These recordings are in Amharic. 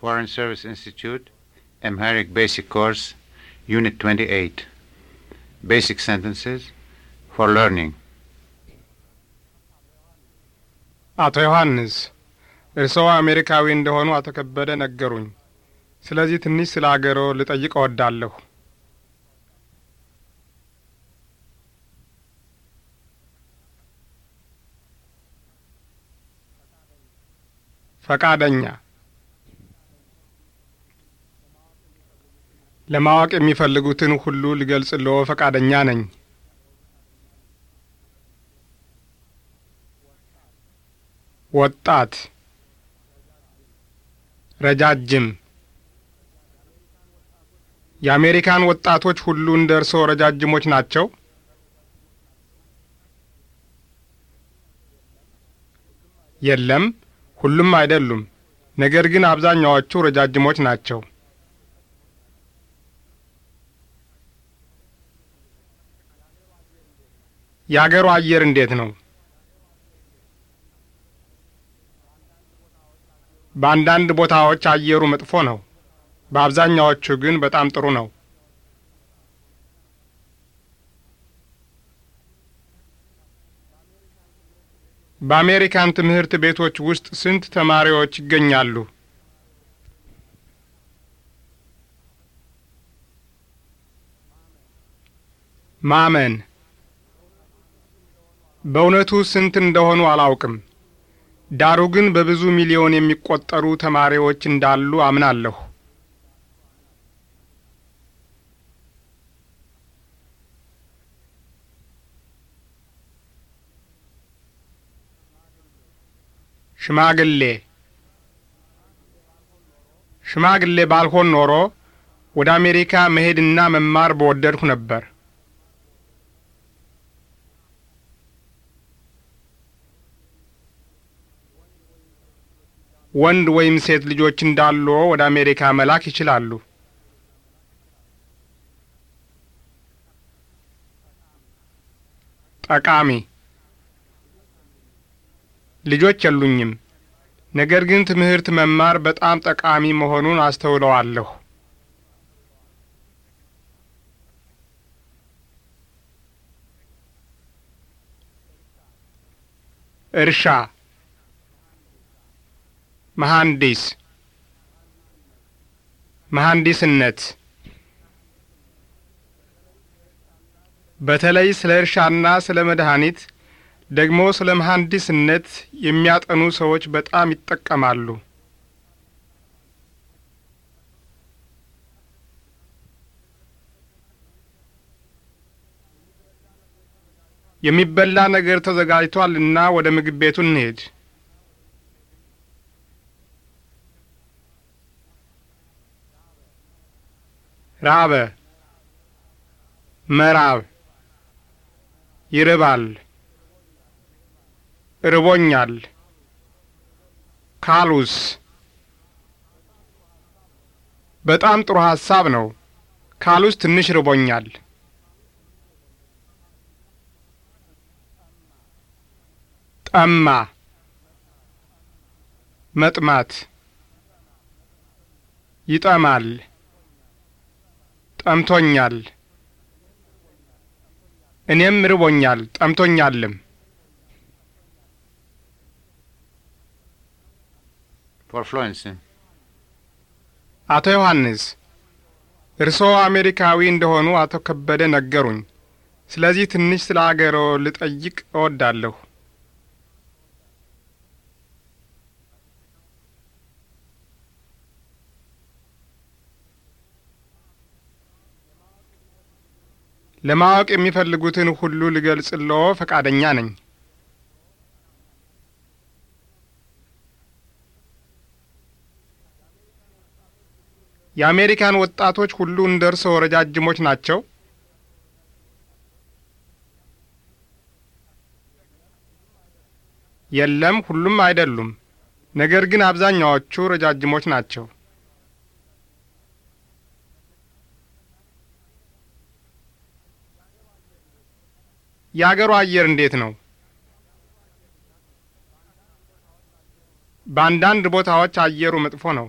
Foreign Service Institute, Amharic Basic Course, Unit 28, Basic Sentences for Learning. አቶ ዮሐንስ እርስዎ አሜሪካዊ እንደሆኑ አቶ ከበደ ነገሩኝ። ስለዚህ ትንሽ ስለ አገሮ ልጠይቅ እወዳለሁ። ፈቃደኛ ለማወቅ የሚፈልጉትን ሁሉ ልገልጽልዎ ፈቃደኛ ነኝ። ወጣት፣ ረጃጅም። የአሜሪካን ወጣቶች ሁሉ እንደ እርስዎ ረጃጅሞች ናቸው? የለም፣ ሁሉም አይደሉም። ነገር ግን አብዛኛዎቹ ረጃጅሞች ናቸው። የአገሩ አየር እንዴት ነው? በአንዳንድ ቦታዎች አየሩ መጥፎ ነው። በአብዛኛዎቹ ግን በጣም ጥሩ ነው። በአሜሪካን ትምህርት ቤቶች ውስጥ ስንት ተማሪዎች ይገኛሉ? ማመን በእውነቱ ስንት እንደሆኑ አላውቅም። ዳሩ ግን በብዙ ሚሊዮን የሚቆጠሩ ተማሪዎች እንዳሉ አምናለሁ። ሽማግሌ ሽማግሌ ባልሆን ኖሮ ወደ አሜሪካ መሄድና መማር በወደድሁ ነበር። ወንድ ወይም ሴት ልጆች እንዳሉ ወደ አሜሪካ መላክ ይችላሉ። ጠቃሚ ልጆች የሉኝም፣ ነገር ግን ትምህርት መማር በጣም ጠቃሚ መሆኑን አስተውለዋለሁ። እርሻ መሐንዲስ መሐንዲስነት በተለይ ስለ እርሻና ስለ መድኃኒት ደግሞ ስለ መሐንዲስነት የሚያጠኑ ሰዎች በጣም ይጠቀማሉ። የሚበላ ነገር ተዘጋጅቷልና ወደ ምግብ ቤቱ እንሄድ። ራበ መራብ ይርባል ርቦኛል ካሉስ በጣም ጥሩ ሐሳብ ነው። ካሉስ ትንሽ ርቦኛል። ጠማ መጥማት ይጠማል ጠምቶኛል። እኔም ርቦኛል ጠምቶኛልም። አቶ ዮሐንስ እርስዎ አሜሪካዊ እንደሆኑ አቶ ከበደ ነገሩኝ። ስለዚህ ትንሽ ስለ አገሮ ልጠይቅ እወዳለሁ። ለማወቅ የሚፈልጉትን ሁሉ ልገልጽልዎ ፈቃደኛ ነኝ። የአሜሪካን ወጣቶች ሁሉ እንደ እርስዎ ረጃጅሞች ናቸው? የለም፣ ሁሉም አይደሉም። ነገር ግን አብዛኛዎቹ ረጃጅሞች ናቸው። የአገሩ አየር እንዴት ነው? በአንዳንድ ቦታዎች አየሩ መጥፎ ነው።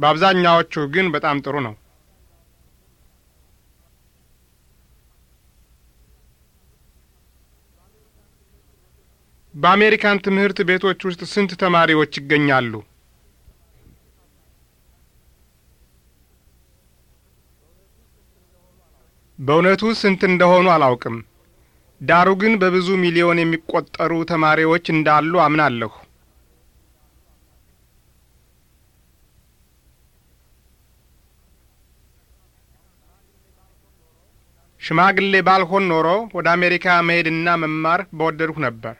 በአብዛኛዎቹ ግን በጣም ጥሩ ነው። በአሜሪካን ትምህርት ቤቶች ውስጥ ስንት ተማሪዎች ይገኛሉ? በእውነቱ ስንት እንደሆኑ አላውቅም። ዳሩ ግን በብዙ ሚሊዮን የሚቆጠሩ ተማሪዎች እንዳሉ አምናለሁ። ሽማግሌ ባልሆን ኖሮ ወደ አሜሪካ መሄድና መማር በወደድሁ ነበር።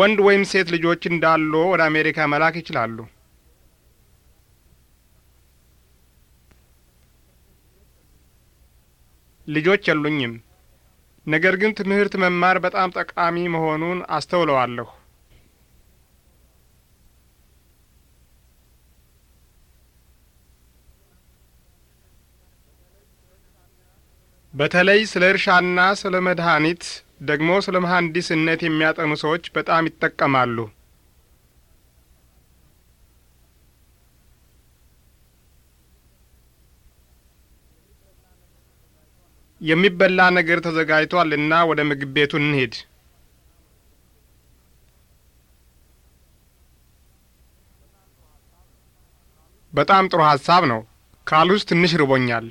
ወንድ ወይም ሴት ልጆች እንዳሉ ወደ አሜሪካ መላክ ይችላሉ። ልጆች የሉኝም። ነገር ግን ትምህርት መማር በጣም ጠቃሚ መሆኑን አስተውለዋለሁ። በተለይ ስለ እርሻና ስለ መድኃኒት ደግሞ ስለ መሐንዲስነት የሚያጠኑ ሰዎች በጣም ይጠቀማሉ። የሚበላ ነገር ተዘጋጅቷል እና ወደ ምግብ ቤቱ እንሄድ። በጣም ጥሩ ሀሳብ ነው። ካሉስ ትንሽ ርቦኛል።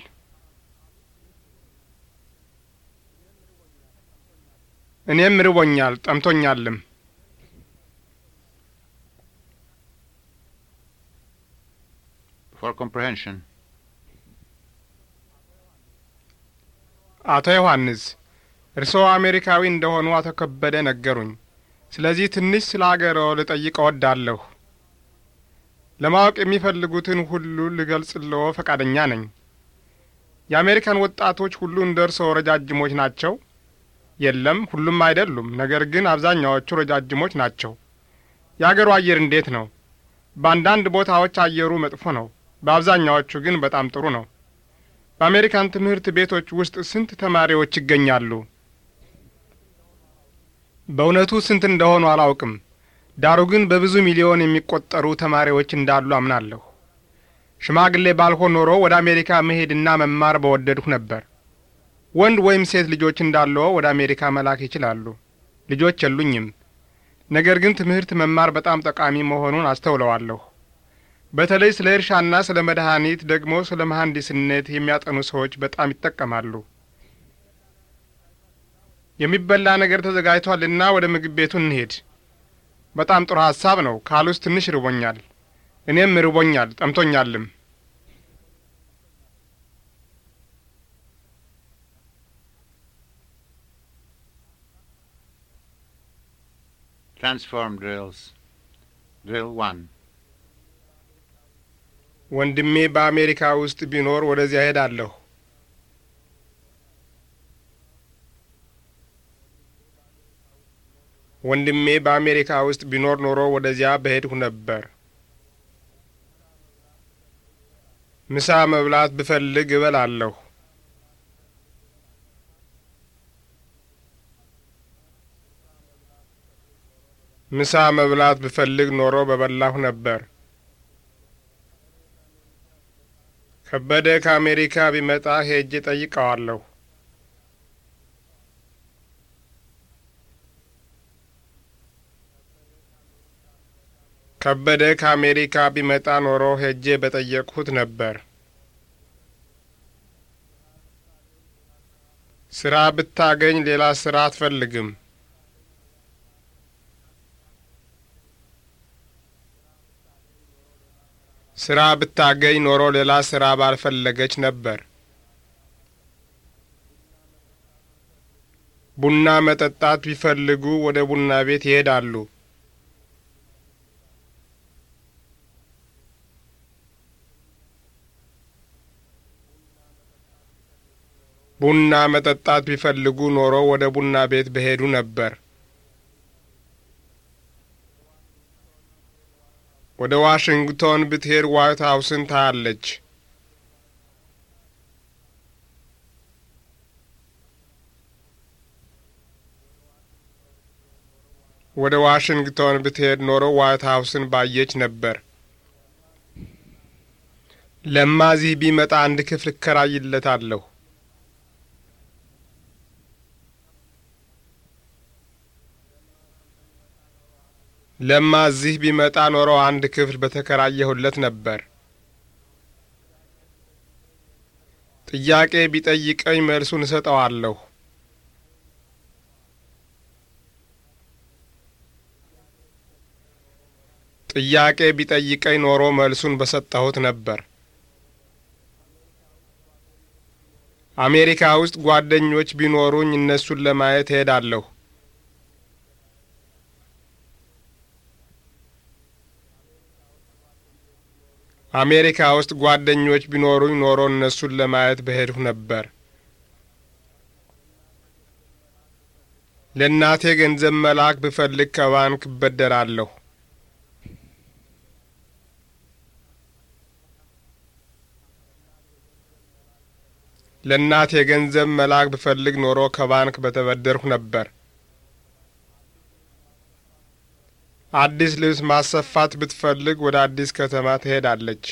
እኔም ርቦኛል ጠምቶኛልም። for comprehension አቶ ዮሐንስ እርስዎ አሜሪካዊ እንደሆኑ አቶ ከበደ ነገሩኝ። ስለዚህ ትንሽ ስለ አገርዎ ልጠይቅ እወዳለሁ። ለማወቅ የሚፈልጉትን ሁሉ ልገልጽልዎ ፈቃደኛ ነኝ። የአሜሪካን ወጣቶች ሁሉ እንደ እርስዎ ረጃጅሞች ናቸው? የለም፣ ሁሉም አይደሉም። ነገር ግን አብዛኛዎቹ ረጃጅሞች ናቸው። የአገሩ አየር እንዴት ነው? በአንዳንድ ቦታዎች አየሩ መጥፎ ነው፣ በአብዛኛዎቹ ግን በጣም ጥሩ ነው። በአሜሪካን ትምህርት ቤቶች ውስጥ ስንት ተማሪዎች ይገኛሉ? በእውነቱ ስንት እንደሆኑ አላውቅም። ዳሩ ግን በብዙ ሚሊዮን የሚቆጠሩ ተማሪዎች እንዳሉ አምናለሁ። ሽማግሌ ባልሆን ኖሮ ወደ አሜሪካ መሄድና መማር በወደድሁ ነበር። ወንድ ወይም ሴት ልጆች እንዳለው ወደ አሜሪካ መላክ ይችላሉ። ልጆች የሉኝም። ነገር ግን ትምህርት መማር በጣም ጠቃሚ መሆኑን አስተውለዋለሁ። በተለይ ስለ እርሻና ስለ መድኃኒት ደግሞ ስለ መሐንዲስነት የሚያጠኑ ሰዎች በጣም ይጠቀማሉ። የሚበላ ነገር ተዘጋጅቷልና ወደ ምግብ ቤቱ እንሄድ። በጣም ጥሩ ሐሳብ ነው። ካሉስ ትንሽ ርቦኛል። እኔም ርቦኛል፣ ጠምቶኛልም። Transform drills. Drill 1 ወንድሜ በአሜሪካ ውስጥ ቢኖር ወደዚያ ሄዳለሁ። ወንድሜ በአሜሪካ ውስጥ ቢኖር ኖሮ ወደዚያ በሄድሁ ነበር። ምሳ መብላት ብፈልግ እበላለሁ። ምሳ መብላት ብፈልግ ኖሮ በበላሁ ነበር። ከበደ ከአሜሪካ ቢመጣ ሄጄ ጠይቀዋለሁ። ከበደ ከአሜሪካ ቢመጣ ኖሮ ሄጄ በጠየቅሁት ነበር። ስራ ብታገኝ ሌላ ስራ አትፈልግም። ስራ ብታገኝ ኖሮ ሌላ ስራ ባልፈለገች ነበር። ቡና መጠጣት ቢፈልጉ ወደ ቡና ቤት ይሄዳሉ። ቡና መጠጣት ቢፈልጉ ኖሮ ወደ ቡና ቤት በሄዱ ነበር። ወደ ዋሽንግቶን ብትሄድ ዋይት ሀውስን ታያለች። ወደ ዋሽንግቶን ብትሄድ ኖሮ ዋይት ሀውስን ባየች ነበር። ለማዚህ ቢመጣ አንድ ክፍል እከራይለታለሁ። ለማ እዚህ ቢመጣ ኖሮ አንድ ክፍል በተከራየሁለት ነበር። ጥያቄ ቢጠይቀኝ መልሱን እሰጠዋለሁ። ጥያቄ ቢጠይቀኝ ኖሮ መልሱን በሰጠሁት ነበር። አሜሪካ ውስጥ ጓደኞች ቢኖሩኝ እነሱን ለማየት እሄዳለሁ። አሜሪካ ውስጥ ጓደኞች ቢኖሩኝ ኖሮ እነሱን ለማየት በሄድሁ ነበር። ለእናቴ ገንዘብ መላክ ብፈልግ ከባንክ እበደራለሁ። ለእናቴ ገንዘብ መላክ ብፈልግ ኖሮ ከባንክ በተበደርሁ ነበር። አዲስ ልብስ ማሰፋት ብትፈልግ ወደ አዲስ ከተማ ትሄዳለች።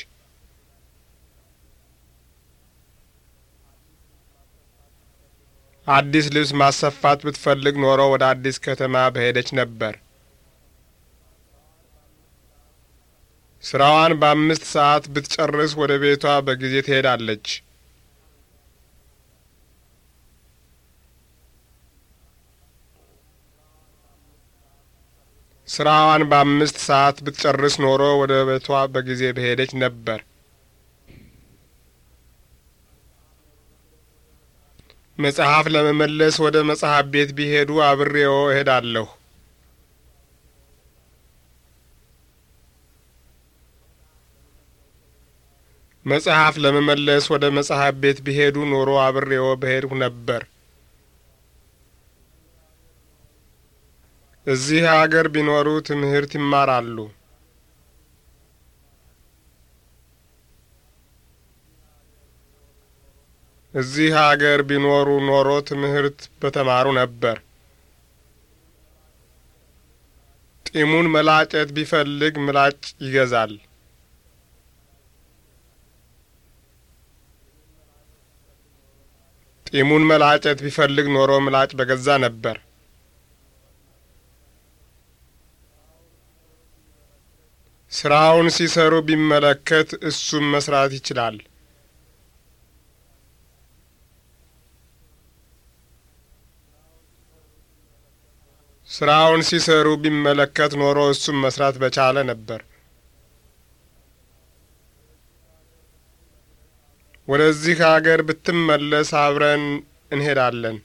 አዲስ ልብስ ማሰፋት ብትፈልግ ኖሮ ወደ አዲስ ከተማ በሄደች ነበር። ስራዋን በአምስት ሰዓት ብትጨርስ ወደ ቤቷ በጊዜ ትሄዳለች። ስራዋን በአምስት ሰዓት ብትጨርስ ኖሮ ወደ ቤቷ በጊዜ በሄደች ነበር። መጽሐፍ ለመመለስ ወደ መጽሐፍ ቤት ቢሄዱ አብሬዎ እሄዳለሁ። መጽሐፍ ለመመለስ ወደ መጽሐፍ ቤት ቢሄዱ ኖሮ አብሬዎ በሄድሁ ነበር። እዚህ አገር ቢኖሩ ትምህርት ይማራሉ። እዚህ አገር ቢኖሩ ኖሮ ትምህርት በተማሩ ነበር። ጢሙን መላጨት ቢፈልግ ምላጭ ይገዛል። ጢሙን መላጨት ቢፈልግ ኖሮ ምላጭ በገዛ ነበር። ስራውን ሲሰሩ ቢመለከት እሱም መስራት ይችላል። ስራውን ሲሰሩ ቢመለከት ኖሮ እሱም መስራት በቻለ ነበር። ወደዚህ አገር ብትመለስ አብረን እንሄዳለን።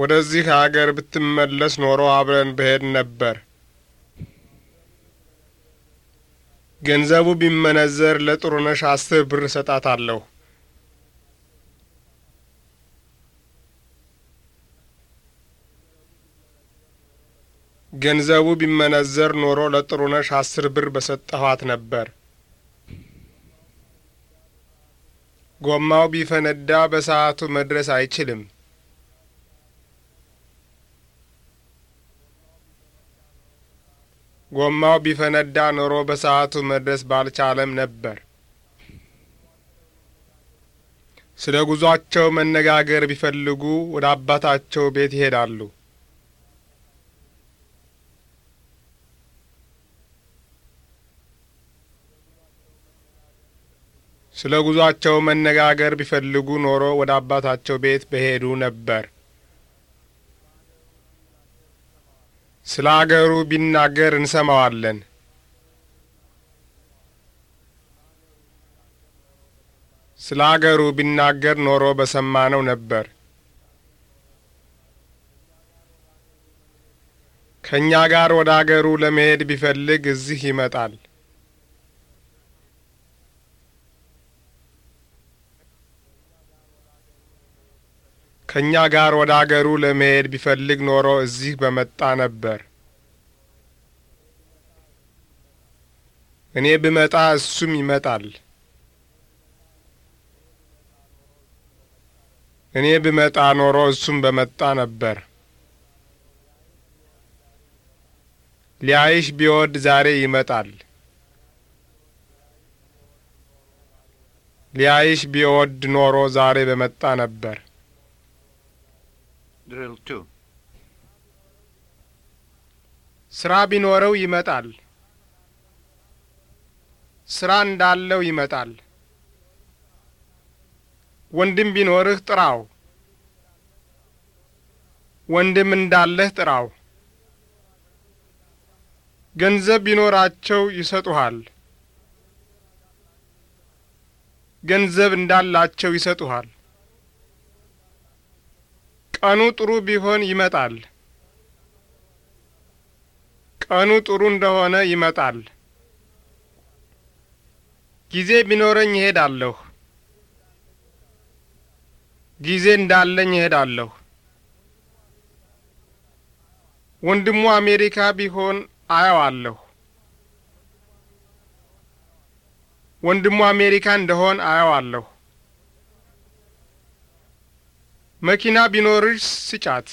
ወደዚህ አገር ብትመለስ ኖሮ አብረን በሄድ ነበር። ገንዘቡ ቢመነዘር ለጥሩነሽ አስር ብር እሰጣታለሁ። ገንዘቡ ቢመነዘር ኖሮ ለጥሩነሽ አስር ብር በሰጠኋት ነበር። ጎማው ቢፈነዳ በሰዓቱ መድረስ አይችልም። ጎማው ቢፈነዳ ኖሮ በሰዓቱ መድረስ ባልቻለም ነበር። ስለ ጉዟቸው መነጋገር ቢፈልጉ ወደ አባታቸው ቤት ይሄዳሉ። ስለ ጉዟቸው መነጋገር ቢፈልጉ ኖሮ ወደ አባታቸው ቤት በሄዱ ነበር። ስለ አገሩ ቢናገር እንሰማዋለን። ስለ አገሩ ቢናገር ኖሮ በሰማነው ነበር። ከእኛ ጋር ወደ አገሩ ለመሄድ ቢፈልግ እዚህ ይመጣል። ከእኛ ጋር ወደ አገሩ ለመሄድ ቢፈልግ ኖሮ እዚህ በመጣ ነበር። እኔ ብመጣ እሱም ይመጣል። እኔ ብመጣ ኖሮ እሱም በመጣ ነበር። ሊያይሽ ቢወድ ዛሬ ይመጣል። ሊያይሽ ቢወድ ኖሮ ዛሬ በመጣ ነበር። drill 2 ስራ ቢኖረው ይመጣል። ስራ እንዳለው ይመጣል። ወንድም ቢኖርህ ጥራው። ወንድም እንዳለህ ጥራው። ገንዘብ ቢኖራቸው ይሰጡሃል። ገንዘብ እንዳላቸው ይሰጡሃል። ቀኑ ጥሩ ቢሆን ይመጣል። ቀኑ ጥሩ እንደሆነ ይመጣል። ጊዜ ቢኖረኝ እሄዳለሁ። ጊዜ እንዳለኝ እሄዳለሁ። ወንድሙ አሜሪካ ቢሆን አየዋለሁ። ወንድሙ አሜሪካ እንደሆን አየዋለሁ። መኪና ቢኖርሽ ስጫት።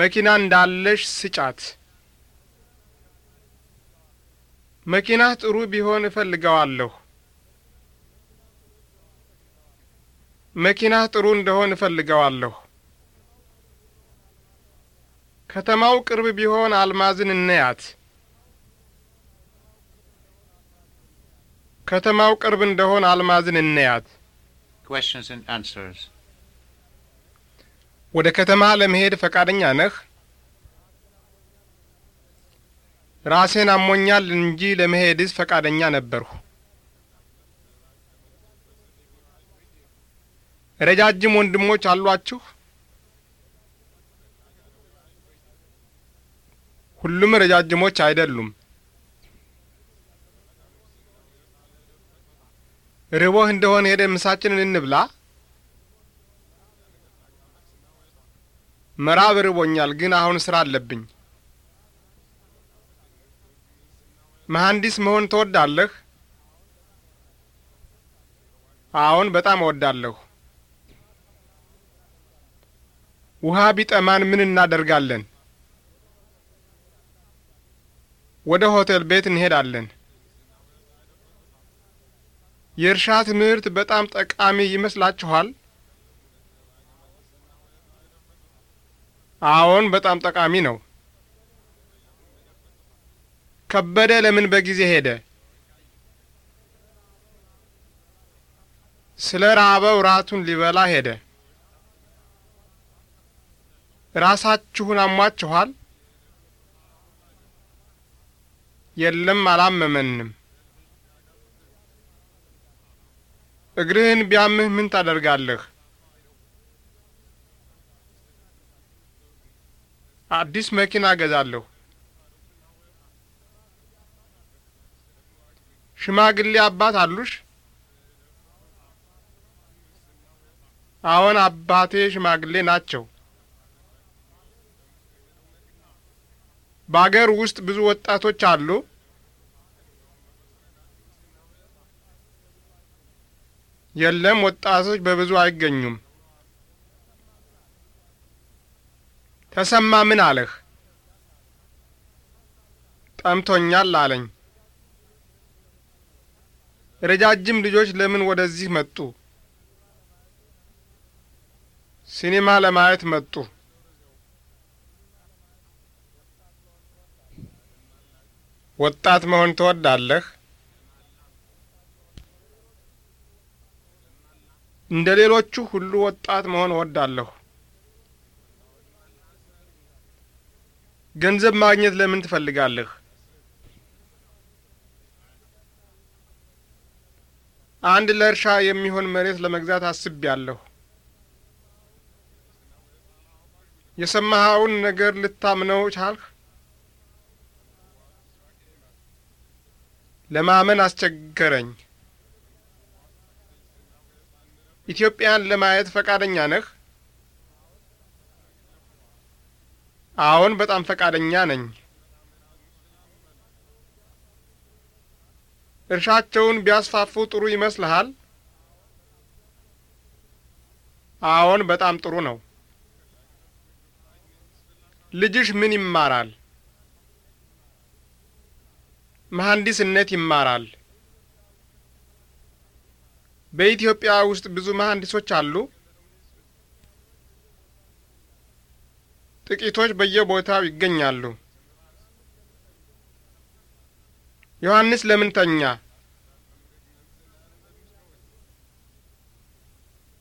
መኪና እንዳለሽ ስጫት። መኪናህ ጥሩ ቢሆን እፈልገዋለሁ። መኪናህ ጥሩ እንደሆን እፈልገዋለሁ። ከተማው ቅርብ ቢሆን አልማዝን እንያት። ከተማው ቅርብ እንደሆን አልማዝን እንያት። questions and answers. ወደ ከተማ ለመሄድ ፈቃደኛ ነህ? ራሴን አሞኛል እንጂ ለመሄድስ ፈቃደኛ ነበርሁ። ረጃጅም ወንድሞች አሏችሁ? ሁሉም ረጃጅሞች አይደሉም። ርቦህ እንደሆነ ሄደን ምሳችንን እንብላ። መራብ ርቦኛል፣ ግን አሁን ስራ አለብኝ። መሐንዲስ መሆን ትወዳለህ? አዎን፣ በጣም እወዳለሁ። ውሃ ቢጠማን ምን እናደርጋለን? ወደ ሆቴል ቤት እንሄዳለን። የእርሻ ትምህርት በጣም ጠቃሚ ይመስላችኋል? አዎን፣ በጣም ጠቃሚ ነው። ከበደ ለምን በጊዜ ሄደ? ስለ ራበው ራቱን ሊበላ ሄደ። ራሳችሁን አሟችኋል? የለም፣ አላመመንም። እግርህን ቢያምህ ምን ታደርጋለህ? አዲስ መኪና እገዛለሁ። ሽማግሌ አባት አሉሽ? አዎን፣ አባቴ ሽማግሌ ናቸው። በአገር ውስጥ ብዙ ወጣቶች አሉ? የለም ወጣቶች በብዙ አይገኙም። ተሰማ ምን አለህ? ጠምቶኛል አለኝ። ረጃጅም ልጆች ለምን ወደዚህ መጡ? ሲኔማ ለማየት መጡ። ወጣት መሆን ትወዳለህ? እንደ ሌሎቹ ሁሉ ወጣት መሆን እወዳለሁ። ገንዘብ ማግኘት ለምን ትፈልጋለህ? አንድ ለእርሻ የሚሆን መሬት ለመግዛት አስቤያለሁ። የሰማኸውን ነገር ልታምነው ቻልህ? ለማመን አስቸገረኝ። ኢትዮጵያን ለማየት ፈቃደኛ ነህ? አዎን፣ በጣም ፈቃደኛ ነኝ። እርሻቸውን ቢያስፋፉ ጥሩ ይመስልሃል? አዎን፣ በጣም ጥሩ ነው። ልጅሽ ምን ይማራል? መሐንዲስነት ይማራል። በኢትዮጵያ ውስጥ ብዙ መሐንዲሶች አሉ? ጥቂቶች በየቦታው ይገኛሉ። ዮሐንስ ለምን ተኛ?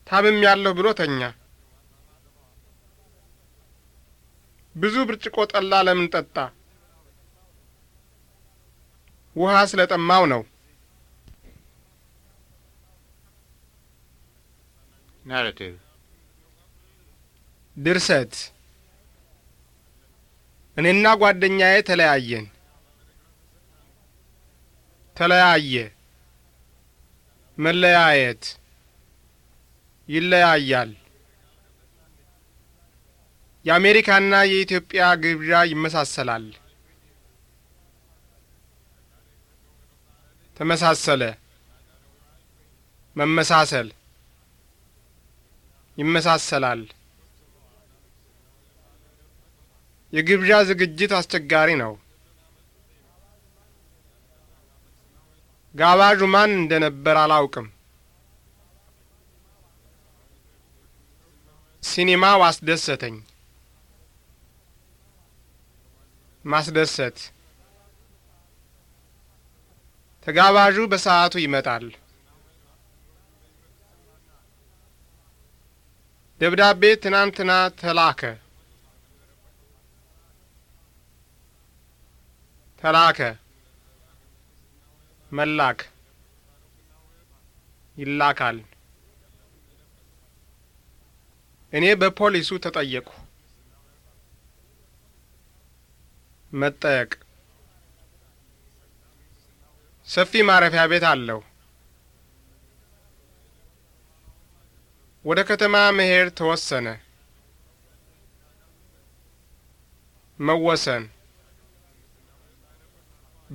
ታምም ያለሁ ብሎ ተኛ። ብዙ ብርጭቆ ጠላ ለምን ጠጣ? ውሃ ስለጠማው ነው። ናሬቲቭ ድርሰት እኔና ጓደኛዬ ተለያየን። ተለያየ፣ መለያየት፣ ይለያያል። የአሜሪካና የኢትዮጵያ ግብዣ ይመሳሰላል። ተመሳሰለ፣ መመሳሰል ይመሳሰላል። የግብዣ ዝግጅት አስቸጋሪ ነው። ጋባዡ ማን እንደነበር አላውቅም። ሲኒማው አስደሰተኝ። ማስደሰት ተጋባዡ በሰዓቱ ይመጣል። ደብዳቤ ትናንትና ተላከ ተላከ መላክ ይላካል። እኔ በፖሊሱ ተጠየቅሁ። መጠየቅ ሰፊ ማረፊያ ቤት አለው። ወደ ከተማ መሄድ ተወሰነ። መወሰን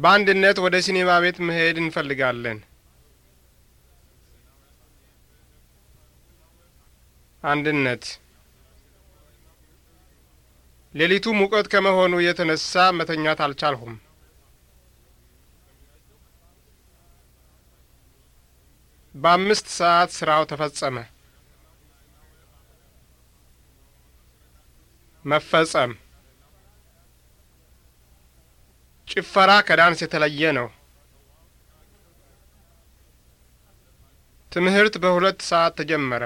በአንድነት ወደ ሲኔማ ቤት መሄድ እንፈልጋለን። አንድነት ሌሊቱ ሙቀት ከመሆኑ የተነሳ መተኛት አልቻልሁም። በአምስት ሰዓት ስራው ተፈጸመ። መፈጸም ጭፈራ ከዳንስ የተለየ ነው። ትምህርት በሁለት ሰዓት ተጀመረ።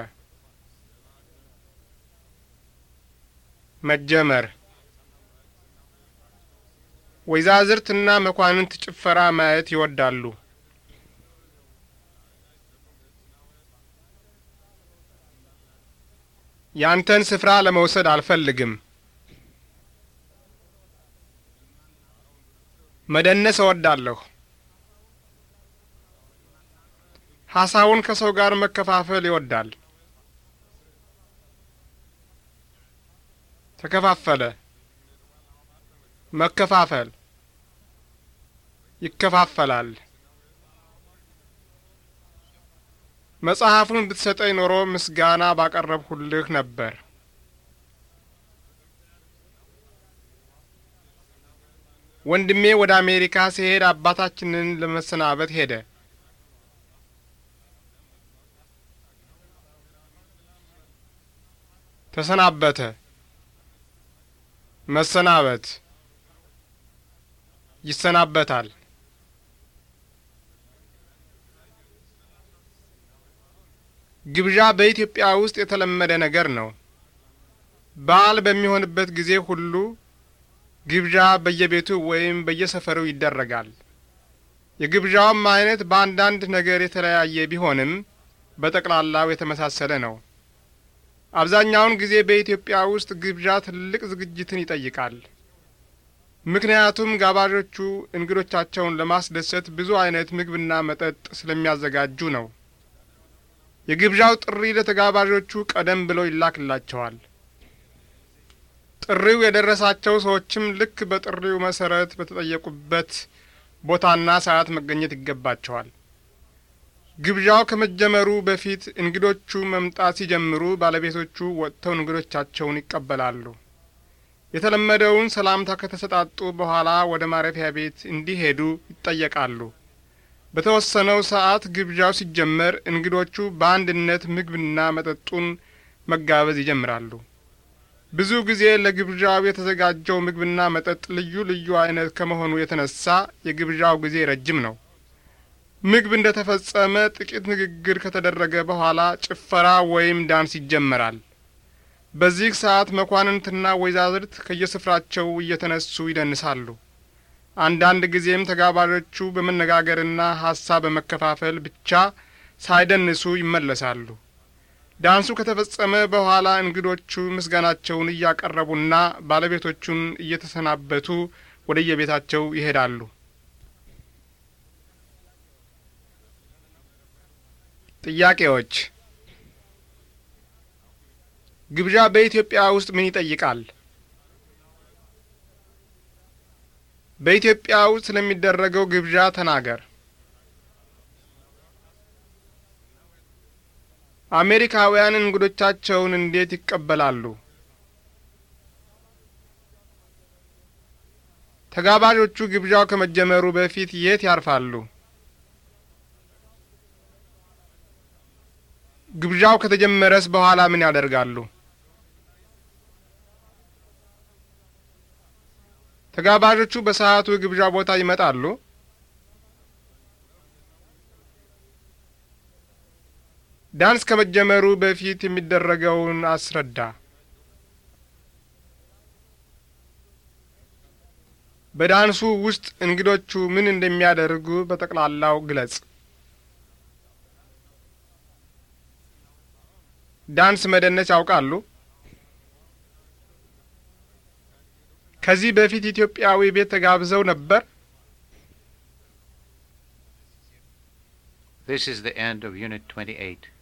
መጀመር ወይዛዝርትና መኳንንት ጭፈራ ማየት ይወዳሉ። ያንተን ስፍራ ለመውሰድ አልፈልግም። መደነስ እወዳለሁ። ሀሳቡን ከሰው ጋር መከፋፈል ይወዳል። ተከፋፈለ፣ መከፋፈል፣ ይከፋፈላል። መጽሐፉን ብትሰጠኝ ኖሮ ምስጋና ባቀረብሁልህ ነበር። ወንድሜ ወደ አሜሪካ ሲሄድ አባታችንን ለመሰናበት ሄደ። ተሰናበተ፣ መሰናበት፣ ይሰናበታል። ግብዣ በኢትዮጵያ ውስጥ የተለመደ ነገር ነው። በዓል በሚሆንበት ጊዜ ሁሉ ግብዣ በየቤቱ ወይም በየሰፈሩ ይደረጋል። የግብዣውም አይነት በአንዳንድ ነገር የተለያየ ቢሆንም በጠቅላላው የተመሳሰለ ነው። አብዛኛውን ጊዜ በኢትዮጵያ ውስጥ ግብዣ ትልቅ ዝግጅትን ይጠይቃል። ምክንያቱም ጋባዦቹ እንግዶቻቸውን ለማስደሰት ብዙ አይነት ምግብና መጠጥ ስለሚያዘጋጁ ነው። የግብዣው ጥሪ ለተጋባዦቹ ቀደም ብሎ ይላክላቸዋል። ጥሪው የደረሳቸው ሰዎችም ልክ በጥሪው መሰረት በተጠየቁበት ቦታና ሰዓት መገኘት ይገባቸዋል። ግብዣው ከመጀመሩ በፊት እንግዶቹ መምጣት ሲጀምሩ ባለቤቶቹ ወጥተው እንግዶቻቸውን ይቀበላሉ። የተለመደውን ሰላምታ ከተሰጣጡ በኋላ ወደ ማረፊያ ቤት እንዲሄዱ ይጠየቃሉ። በተወሰነው ሰዓት ግብዣው ሲጀመር እንግዶቹ በአንድነት ምግብና መጠጡን መጋበዝ ይጀምራሉ። ብዙ ጊዜ ለግብዣው የተዘጋጀው ምግብና መጠጥ ልዩ ልዩ አይነት ከመሆኑ የተነሳ የግብዣው ጊዜ ረጅም ነው። ምግብ እንደ ተፈጸመ ጥቂት ንግግር ከተደረገ በኋላ ጭፈራ ወይም ዳንስ ይጀመራል። በዚህ ሰዓት መኳንንትና ወይዛዝርት ከየስፍራቸው እየተነሱ ይደንሳሉ። አንዳንድ ጊዜም ተጋባዦቹ በመነጋገርና ሀሳብ በመከፋፈል ብቻ ሳይደንሱ ይመለሳሉ። ዳንሱ ከተፈጸመ በኋላ እንግዶቹ ምስጋናቸውን እያቀረቡና ባለቤቶቹን እየተሰናበቱ ወደየቤታቸው ይሄዳሉ። ጥያቄዎች። ግብዣ በኢትዮጵያ ውስጥ ምን ይጠይቃል? በኢትዮጵያ ውስጥ ስለሚደረገው ግብዣ ተናገር። አሜሪካውያን እንግዶቻቸውን እንዴት ይቀበላሉ? ተጋባዦቹ ግብዣው ከመጀመሩ በፊት የት ያርፋሉ? ግብዣው ከተጀመረስ በኋላ ምን ያደርጋሉ? ተጋባዦቹ በሰዓቱ ግብዣ ቦታ ይመጣሉ? ዳንስ ከመጀመሩ በፊት የሚደረገውን አስረዳ። በዳንሱ ውስጥ እንግዶቹ ምን እንደሚያደርጉ በጠቅላላው ግለጽ። ዳንስ መደነስ ያውቃሉ? ከዚህ በፊት ኢትዮጵያዊ ቤት ተጋብዘው ነበር? This is the end of Unit 28.